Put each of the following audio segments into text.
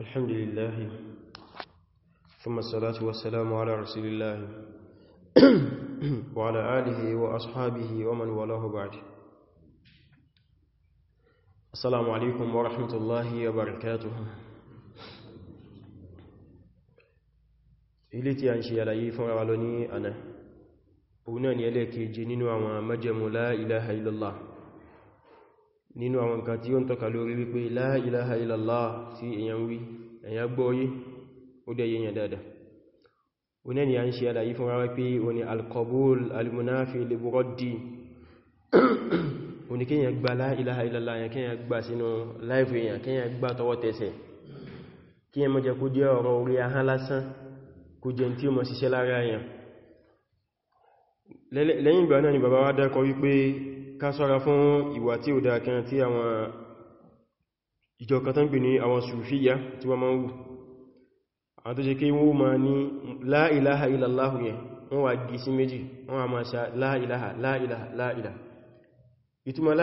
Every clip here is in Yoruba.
الحمد لله ثم الصلاة والسلام على رسول الله وعلى آله وأصحابه ومن وله بعد السلام عليكم ورحمة الله وبركاته ilé tí a ń ṣe àlàyé fún ara lọ ní àná òun náà ni ẹlẹ́kẹ̀ẹ́jì nínú àwọn májẹ̀mú la ilaha nínú àwọn nǹkan tí ó ń tọ́ka lórí wípé la ilaha illallah tí èyàn wí èyàn gbọ́yé ó dẹ̀ yẹnyàn dáadáa oní ni a ń ṣe àlàyé fún rárá pé o ni alkobul almunafi liburodi ni kíyàn gba la ilaha illallah yẹn kíyàn gba sínú láìfù èyàn kíyàn gba lẹ́yìn ìgbà náà ni bàbá wá dákọ wípé ká ṣọ́ra fún ìwà tí ó dá kan tí àwọn ìjọ kan tán pè ní àwọn sùfíyà tí wọ́n máa ń wù àwọn tó ṣe kí wọ́n máa ní la ilaha illallah yẹn wọ́n wà gí sí méjì wọ́n wà máa ṣá la ilaha la ìtumọ̀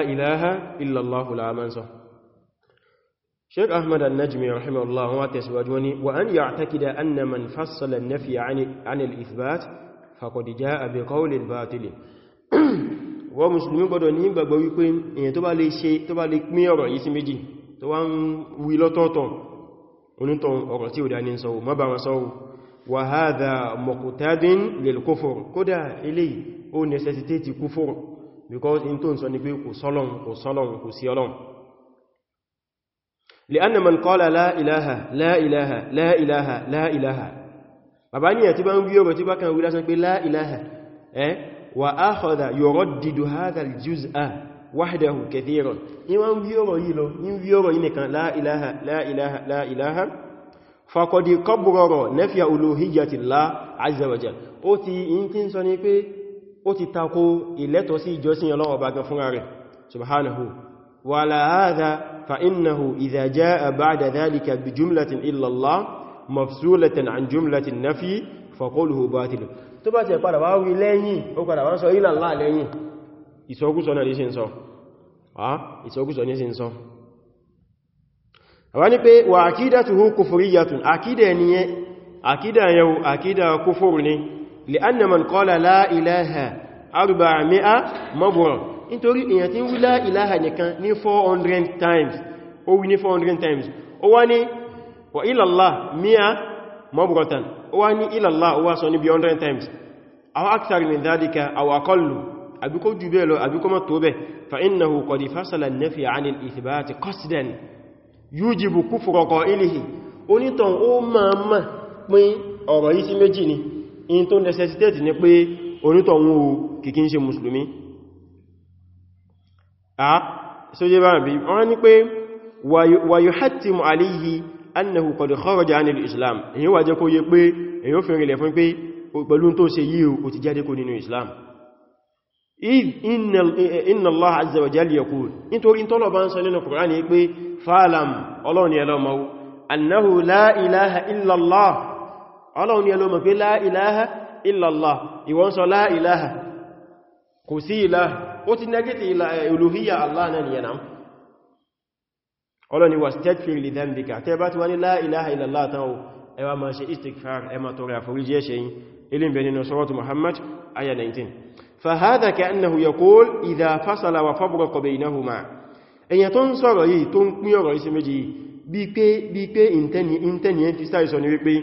la ilaha sheikh ahmad al-najmi rahimahullah wọn tẹ̀síwájú wani wa an ya'takida anna man fassala an-nafya 'an al-ithbat faqad ja'a bi qawlin batil wọ́n musulmi gbọ́dọ̀ ní gbàgbọ́ wípé èyàn tó bá lè ṣe tó bá lè pín ọ̀rọ̀ yìí sí méjì tó wá ń wí lọ́tọ̀ọ̀tọ̀ because in tó ń sọ ní pé لأن من قال لا إله لا إله لا إله لا إله bàbá ní ẹ̀tí bá ń wíyọ̀rọ̀ tí bá kan wí lásán pé la ilaha ẹ́ wà akhadha yuraddidu hadha al-juz'a wahdahu kathiran ní wọ́n wíyọ̀rọ̀ yìí lọ ní wíyọ̀rọ̀ yìí nìkan la ilaha la ilaha la ilaha faqad kabbara nafya uluhiyyati Allah azza wa jalla ó ti in tí ń sọ ní pé ó ti tako ìlẹ́tọ̀ sí ìjọsìn Ọlọ́run ọba gan fúnra rẹ̀ subhanahu وعلى هذا فإنه إذا جاء بعد ذلك بجملة إلا الله مفصولة عن جملة النفي فقوله باطل tó bá ti padà wá wí lẹ́yìn ó padà wá sọ إلا الله lẹ́yìn ìsọkúsọ náà ní sí ń sọ ìsọkúsọ ní sí ń sọ àwọn ni pé wà عقيدته كفرية àkídà ẹniyẹ àkídà yau àkídà kúfúrù ni لأن من قال لا إله أربعمائة مبرر nítorí èyàn tí ń wí la ilaha nìkan ní 400 times ó wí ní 400 times ó wá ní wa ilallah mia mọ́bùrọ̀tàn ó wá ní ilallah ó wá sọ ní 100 times àwọn akthar min dhalika aw aqallu àbíkó jù bẹ́ẹ̀ lọ àbíkó mọ́ tó bẹ́ fa innahu qad fasala an-nafy 'an al-ithbat qasdan yujibu kufra qa'ilihi onítàn ó máa máa pín ọ̀rọ̀ yìí a so je ba bi wọ́n ní pé wa yuhattimu alayhi annahu qad kharaja an al-islam eyin wa jẹ́ kó yé pé eyin o fi rile fún pé pẹ̀lú tó ṣe yìí ó ti jáde kó nínú islam inna allah azza wa jalla yaqul nítorí tó lọ bá ń sọ nínú qur'an yìí pé fa'lam Ọlọ́run yẹ kò sí ìlà ó ti negate ìlà olùhíyà eh, Allah náà ni yẹnà ọlọ́ni wa staghfir li dhanbika tẹ́ bá ti wá ní la ilaha illallah tán o ẹ wá máa 19 fahadha ka'annahu yaqul idha fasala wa fabraqa baynahuma èyàn tó ń sọ̀rọ̀ yìí tó ń pín ọ̀rọ̀ isi méjì bí pé bí pé ìntẹ́ni ẹ̀ fi sáìsọ ni wípé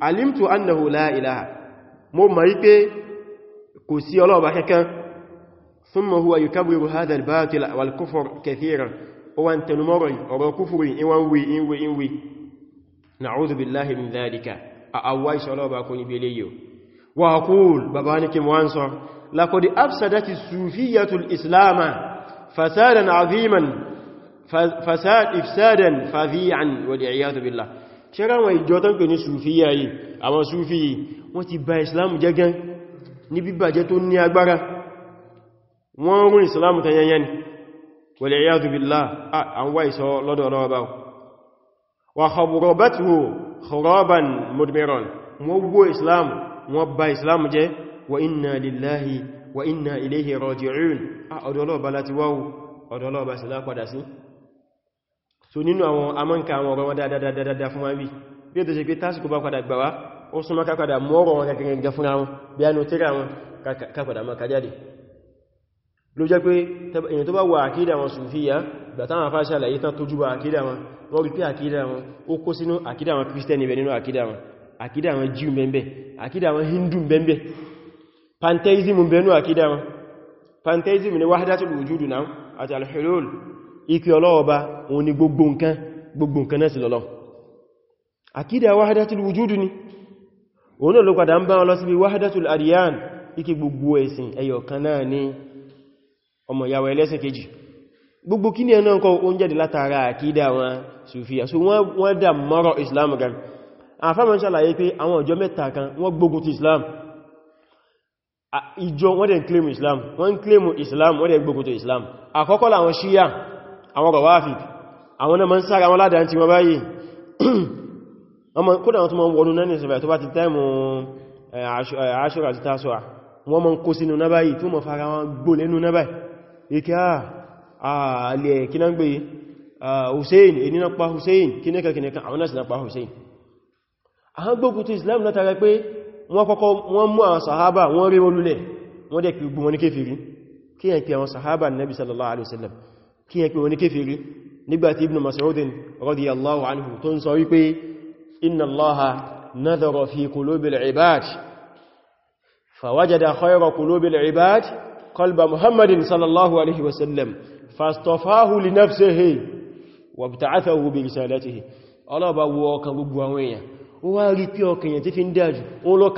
alimtu annahu la ilaha mo mọ̀ wípé kò sí ọlọ́ọ̀bá kankan ثم هو يكبر هذا الباطل والكفر كثيرا وان تنمري أو كفر إنوي إنوي إنوي نعوذ بالله من ذلك أأواي شلو باكوني بليو وأقول بابانك وانصر لقد أفسدت السوفية الإسلام فسادا عظيما فساد إفسادا فذيعا والعياذ بالله ṣẹ́rá àwọn ìjọ tán pè ní sùfíyà yìí àwọn sùfí wọ́n ti bà ìsìláàmù jẹ́ ní bíbàjẹ́ tó ní agbára wọ́n rún ìsìlámù tán yẹnyẹn ni wàlẹ̀ ìyázu bílá àwọn ìṣọ́ lọ́dọ̀ ọ̀rọ̀ ọba wà kọ̀bùrọ̀bẹ̀tù kọ̀rọ̀bàn mọ̀dìmẹ̀rọ̀n wọ́n wó ìsìlámù wọ́n bà ìsìlámù jẹ́ wà inna lillahi wà inna ilayhi raji'un ọ̀dọ̀ ọlọ́ọ̀bá láti wáwù ọ̀dọ̀ ọlọ́ọ̀bá sí lápadà sí so nínú àwọn amọ́nkà àwọn ọ̀rọ̀ wọn dáadáa fún wọn wí bí ó tó ṣe mọ́rọ̀ wọn kàkiri ga fún bí a nù tíra wọn kápadà mọ́ ló jẹ́ pé èyàn tó bá wà àkídà wọn sùfíyà gbàtàwọn afá ṣàlàyé tán tó júbà àkídà wọn wọ́n rí pé àkídà wọn ó kó sínú àkídà wọn kírísítẹ́nì bẹ̀ nínú àkídà wọn àkídà wọn jíù bẹ̀m̀bẹ̀ àkídà wọn hindu bẹ̀m̀bẹ̀ pantheism bẹ̀nú àkídà wọn pantheism ni wahdatul wujudu náà àti al-hulul ikú ọlọ́ọba òun ni gbogbo nǹkan gbogbo nǹkan náà sí lọ́lọ́ àkídà wahdatul wujudu ni òun náà ló náà ni ọmọ ìyàwó ẹlẹ́sìn kejì gbogbo kí ní ẹ̀nà ọkọ̀ oúnjẹ dì látara àkídà wọn sùfíà so wọ́n dà mọ́rọ̀ islam gan àfáàmọ́ ṣàlàyé pé àwọn ìjọ mẹ́ta kan wọ́n gbógun ti islam ìjọ wọ́n dẹ̀ claim islam wọ́n claim islam wọ́n dẹ̀ gbógun ti islam àkọ́kọ́ làwọn shia àwọn rawafid àwọn náà mọ́ ń sára wọn ládàá tí wọ́n báyìí kódà wọn tó mọ́ wọnú náà ní ìsẹ̀fẹ̀ tó bá ike ààlẹ̀ ah, ah, eh, kí náà gbé ah, hussein èyí náà pa hussein kí náà kí náà àwọn náà sì náà pa hussein àwọn gbógun ti islam náà tàbí pé wọ́n kọ́kọ́ wọ́n mú àwọn sahaba wọ́n rí wọ́n wọ́n dẹ̀ pé wọn ní kéfèrí kí yẹn pé àwọn sahaba nabi sallallahu alaihi wasallam kí yẹn pé wọn ní kéfèrí nígbàtí ibn mas'udin radiyallahu anhu قلب محمد صلى الله عليه وسلم فاستفاه لنفسه وابتعثه برسالته الله بوك بوانيا واري بيو كان تي فين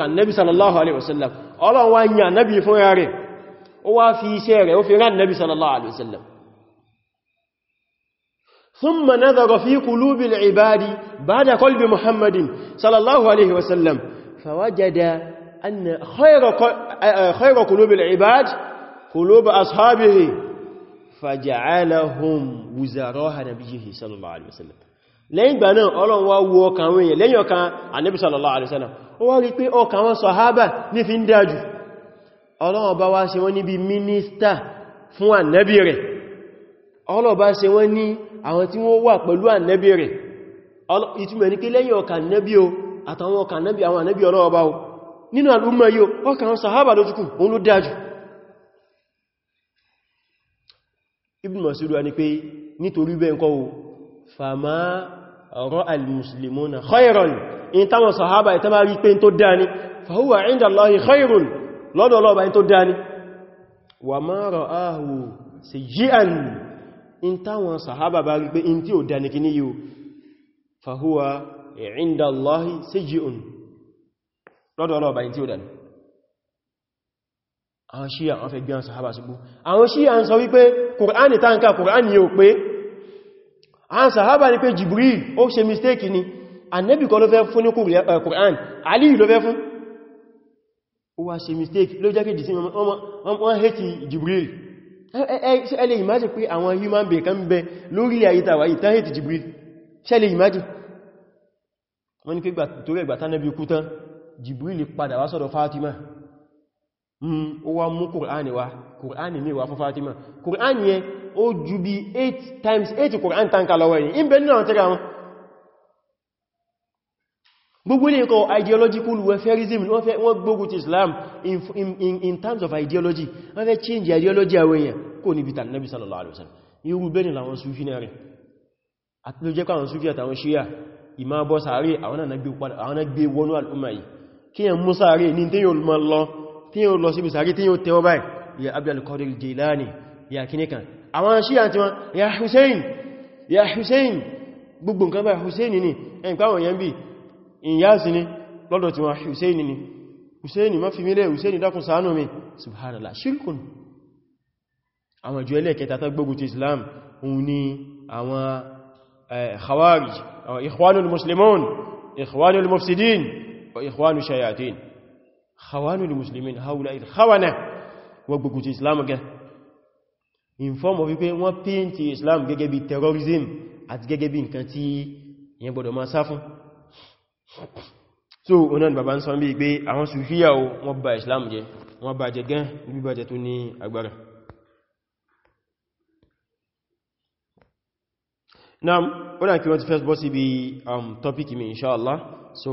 النبي صلى الله عليه وسلم الله وانيا نبي فون ياري هو وفي ران النبي صلى الله عليه وسلم ثم نظر في قلوب العباد بعد قلب محمد صلى الله عليه وسلم فوجد أن خير آه، قلوب العباد قلوب أصحابه فجعلهم وزراء نبيه صلى الله عليه وسلم lẹ́yìn ìgbà náà ọlọ́run wá wo ọkàn àwọn èèyàn lẹ́yìn ọkàn Ànábì sallallahu alaihi wasallam ó wá rí pé ọkàn wọn sàhábà ní fi ń dájú ọlọ́run bá wá ṣe wọ́n níbi mínísítà fún Ànábì rẹ̀ ọlọ́run bá ṣe wọ́n ní àwọn tí wọ́n wà pẹ̀lú Ànábì rẹ̀ ìtumọ̀ ní pé lẹ́yìn ọkàn o àtàwọn ọkàn Ànábì àwọn Ànábì ọlọ́run bá o nínú àlúmọ̀ yóò ọkàn sàhábà lójúkù òun ló dájú ibn Mas'ud wá ní pé nítorí bẹ́ ń kọ́ o fàmá ọ̀rọ̀ al-muslimuna khayran in táwọn sahaba ìta bá rí pé tó dáni fahuwa inda Allahi khayrun lọ́dọ̀ Ọlọ́ba in tó dáni wa ma ra'ahu sayyi'an in táwọn sahaba bá rí pé in tí ò dáni kì ní yíò fahuwa inda Allahi sayyi'un lọ́dọ̀ Ọlọ́ba in tí ò dáni àwọn Shia àwọn fẹ́ gbé àwọn sahaba ṣubú àwọn Shia ń sọ wípé kùránì tánkà kùránì yóò pé àwọn sàhábà ní pé Jibril ó ṣe mistake ni annabi kọ́ ló fẹ́ fún ní kùránì eh, aliyu ló fẹ́ fún ó wá ṣe mistake ló jẹ́ kìdì sí wọ́n hẹ́tì Jibril ṣé lè imagine pé àwọn human being kan bẹ lórí àyíta wà ìtàn hẹ́tì Jibril ṣé lè imagine wọ́n ní pé torí ẹgbàtánẹ́bí kú tán Jibril padà wá sọ́dọ̀ Fatima Hmm, ó wá mú kùránì wá kùránì mi wá fún Fatima kùránì yẹn ó ju bí 8 times 8 kùránì tanka lọ́wọ́ yìí in benin àwọn tẹ́ra wọn gbogbo ilé ẹ̀kọ́ ideological welfareism wọ́n gbógun ti Islam in, in, in terms of ideology wọ́n fẹ́ change ideology àwọn èèyàn kò níbi tàn Nabi sallallahu alaihi wasallam irú benin làwọn sufi náà rẹ̀ àti ló jẹ́ pé àwọn sufi àtàwọn ṣíyà ìmá bọ́ sàárè àwọn náà gbé wọnú al'umma yìí kí yẹn mú sàárè ní tí tí yóò lọ síbi sàárì tí yóò tẹ́wọ́ báyìí ya Abdul Qadir Jilani ya kìníkan àwọn Shia tí wọ́n ya Hussein ya Hussein gbogbo nǹkan báyìí Hussein ni ẹn pàwọn yẹn bí ìyáàsì ni lọ́dọ̀ tí wọ́n Hussein ni Hussein ma fi mílẹ̀ Hussein dákun ṣàánú mi subhanallah shirkun àwọn ìjọ ẹlẹ́kẹta tó gbógun ti khawanul muslimin haula il khawana wọ́n gbogbo ti islam gẹ́ in form of wípé wọ́n paint islam gẹ́gẹ́ bí terrorism àti gẹ́gẹ́ bí nǹkan tí yẹn gbọdọ̀ máa sá fún so onan baba n san bí pé àwọn sufiya o wọ́n bà islam jẹ́ wọ́n bà jẹ́ gẹ́ bí bà jẹ́ tó ní agbára naam ó dà kí wọ́n ti first bọ́ sí bí um topic mi inshallah so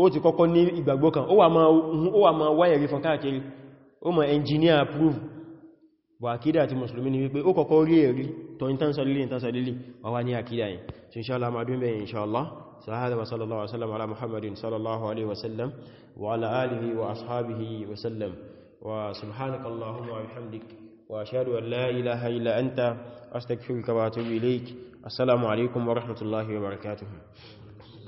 ó ti kọ́kọ́ ní ìgbàgbọ́ kan ó wà máa wáyẹ̀rí fún káàkiri ó ma engineer approve wà àkídà àti mùsùlùmí ni wípé ó kọ́kọ́ rí ẹ̀rí tó ń tánṣà lílé tánṣà lílé wà wá ní àkídà yìí so inṣáàlá ma dúnbẹ̀ inṣáàlá sahada wa sallallahu alaihi wa sallam ala muhammadin sallallahu alaihi wa sallam wa ala alihi wa ashabihi wa sallam wa subhanaka rahmatullahi wa barakatuh